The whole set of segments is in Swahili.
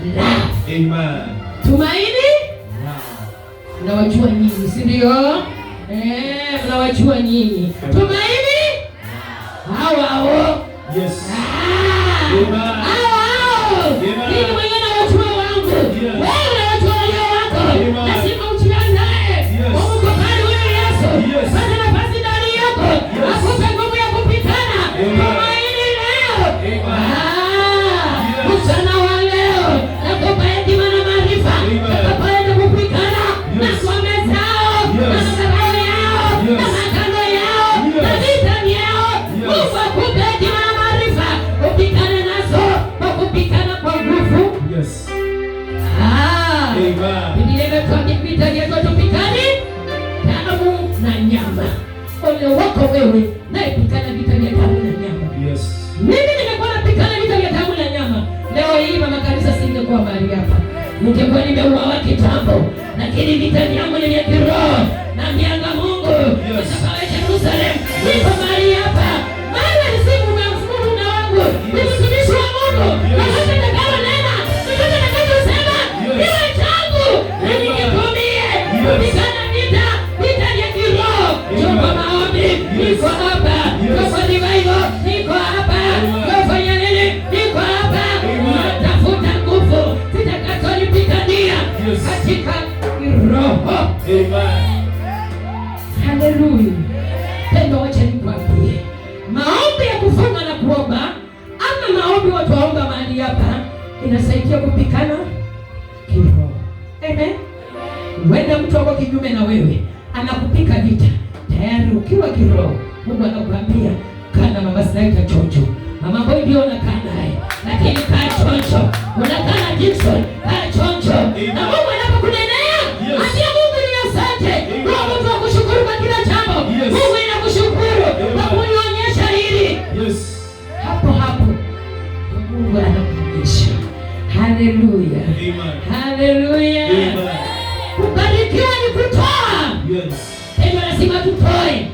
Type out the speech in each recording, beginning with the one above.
Amen. Tumaini mnawajua nyinyi, si ndio? Eh, mnawajua nyinyi. Tumaini hao hao ningekuwa mahali hapa, ningekuwa nimeuawa kitambo, lakini vita yangu ni vya kiroho na mianga Mungu sababu Jerusalem Niko mahali hapa, maana siku na mfumo na wangu ni mtumishi wa Mungu vita vita mafanikio kupikana kiroho. Amen. mtu wako kinyume na wewe anakupika vita tayari ukiwa kiroho, Mungu anakuambia kana mama sinaita mama boy ndio unakaa naye, lakini kaa chocho, unakaa na Gibson, kaa chocho. na Mungu anapokunenea ambia Mungu ni asante, kwa mtu akushukuru kwa kila jambo. Mungu inakushukuru kwa kunionyesha hili. Yes, hapo hapo Mungu anakuonyesha Haleluya, haleluya. Kubarikiwa ni kutoa. Petro anasema tutoe.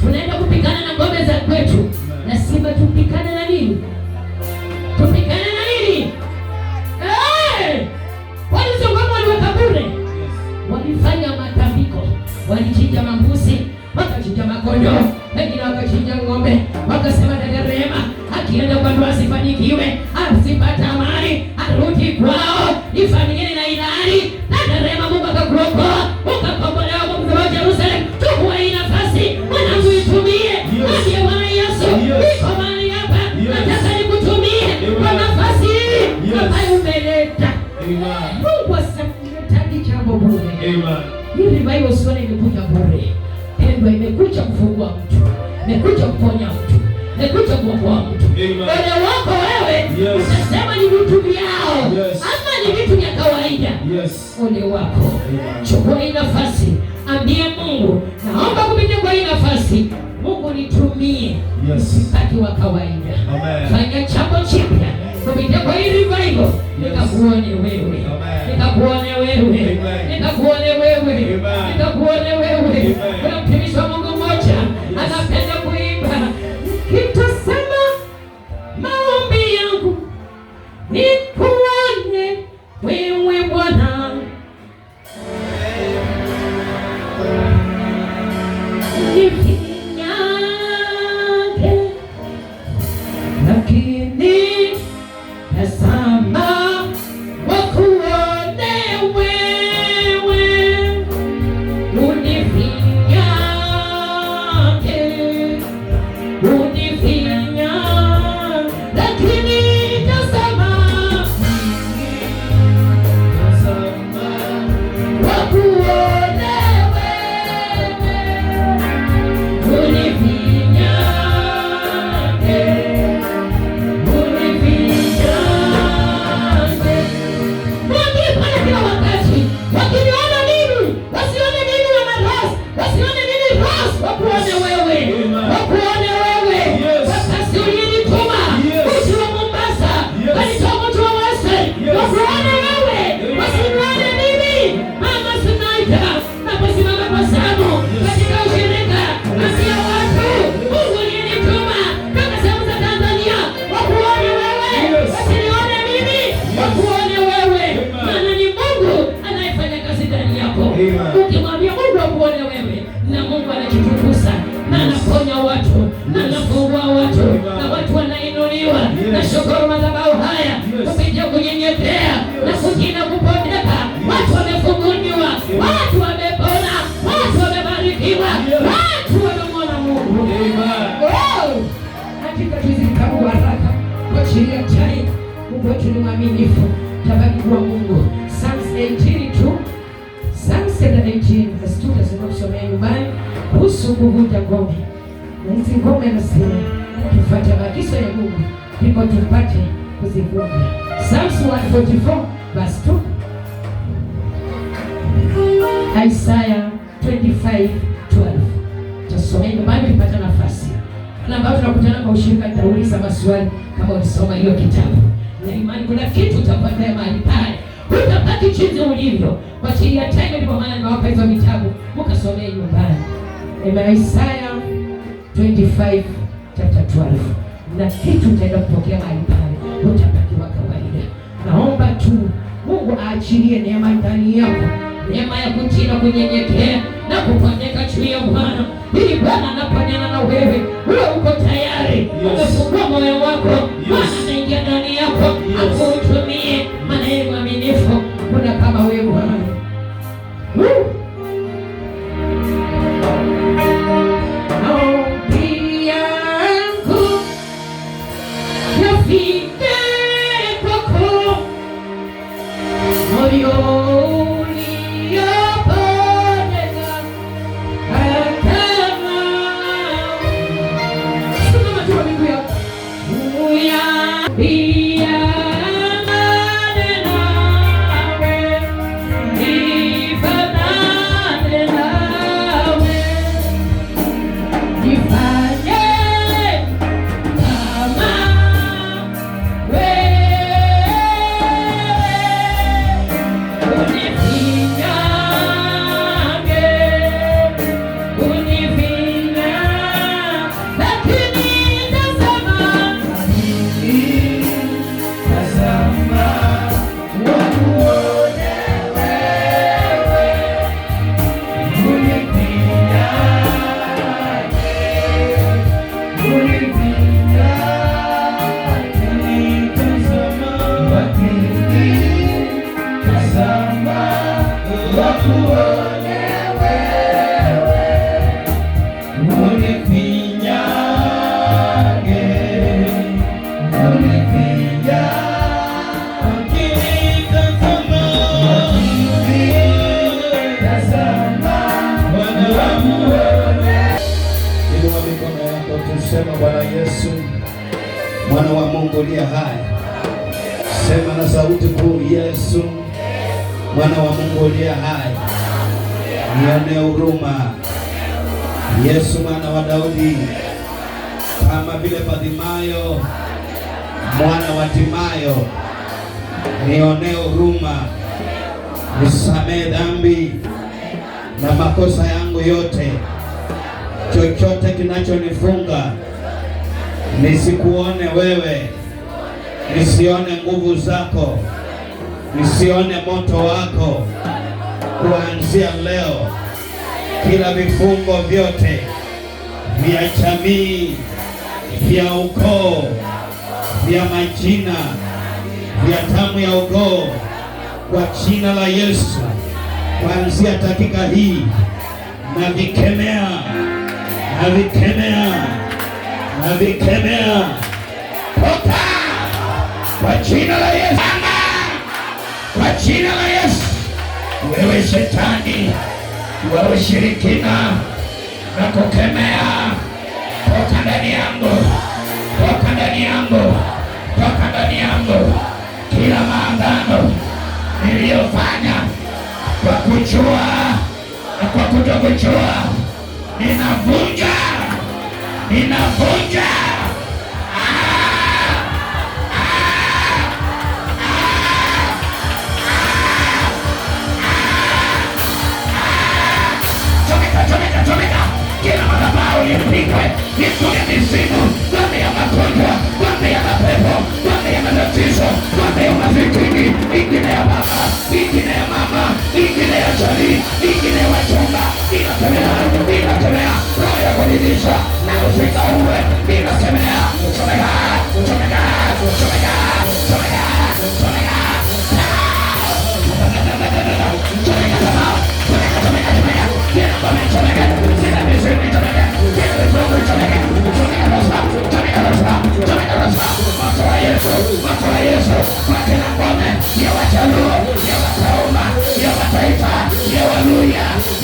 Tunaenda kupigana na ngome za kwetu, nasema tupigane na nini? Tupigane na nini? Walizo ngoma waliweka bure, walifanya matambiko, walichinja mambuzi, wakachinja makondo wengine wakachinja ng'ombe, wakasema dada Rehema akienda kwa ndoa asifanikiwe, asipata amani arudi kwao, ni familia na ilani na neema. Mungu akakuokoa ukakombolewa kwa mzee wa Yerusalemu. Chukua hii nafasi, mwanangu, itumie ndiye Bwana Yesu iko mahali hapa, nataka nikutumie kwa nafasi hii ambayo umeleta. Mungu asitakutaji jambo bure. Hii revival usione imekuja bure, pendwa, imekuja kufungua mtu, imekuja kuponya mtu, imekuja kuokoa mtu. Ole wako wewe, utasema ni ule wako. Chukua hii nafasi, ambie Mungu, naomba kupitia kwa hii nafasi, Mungu nitumie wakati wa kawaida, fanya chambo chipya kupitia kwa hii revival, nikakuone wewe, nikakuone wewe, nikakuone wewe, nikakuone wewe. Kuna mtumishi Run away wetu ni mwaminifu, tabaki kuwa Mungu. Psalms 18 tu, Psalms 18 verse 2 tasema kusomea nyumbani kuhusu kuvunja ngome. Hizi ngome anasema tufuate maagizo ya Mungu ndipo tupate kuzivunja. Psalms 144 verse 2, Isaiah 25:12 tasomea nyumbani tupata nafasi na ambayo tunakutana kwa ushirika, nitauliza maswali kama ulisoma hiyo kitabu na imani, kuna kitu utakwenda mahali pale, utabaki chizi ulivyo. Kwa chini ya time, ndipo maana nimewapa hizo vitabu mkasomee nyumbani. Ema Isaya 25 chapter 12, na kitu utaenda kupokea mahali pale, utabaki wa kawaida. Naomba tu Mungu aachilie neema ndani yako neema ya kutina kunyenyekea na kupondeka juu ya Bwana, ili Bwana anaponena na wewe uwe uko tayari, umefungua moyo wako, Bwana anaingia ndani yako akuutumie maana yeye mwaminifu, kuna kama wewe Bwana. Sema Bwana Yesu, mwana wa Mungu liya hai. Sema na sauti kuu, Yesu mwana wa Mungu liya hai, nionee huruma. Yesu mwana wa Daudi, kama vile Fatimayo mwana wa Timayo, nione huruma, nisamee dhambi na makosa yangu yote chochote kinachonifunga nisikuone wewe, nisione nguvu zako, nisione moto wako, kuanzia leo kila vifungo vyote vya jamii, vya ukoo, vya majina, vya tamu ya ukoo, kwa jina la Yesu, kuanzia dakika hii na vikemea navikemea, navikemea, toka kwa jina la Yesu, kwa jina la Yesu. Wewe shetani wa ushirikina, na kukemea, toka ndani yangu, toka ndani yangu, toka ndani yangu. Kila maagano niliyofanya kwa kujua na kwa kutokujua ninavunja, ninavunja ah! Ah! Ah! chomeka, chomeka, chomeka, kila madhabahu lipigwe, ipige mizimu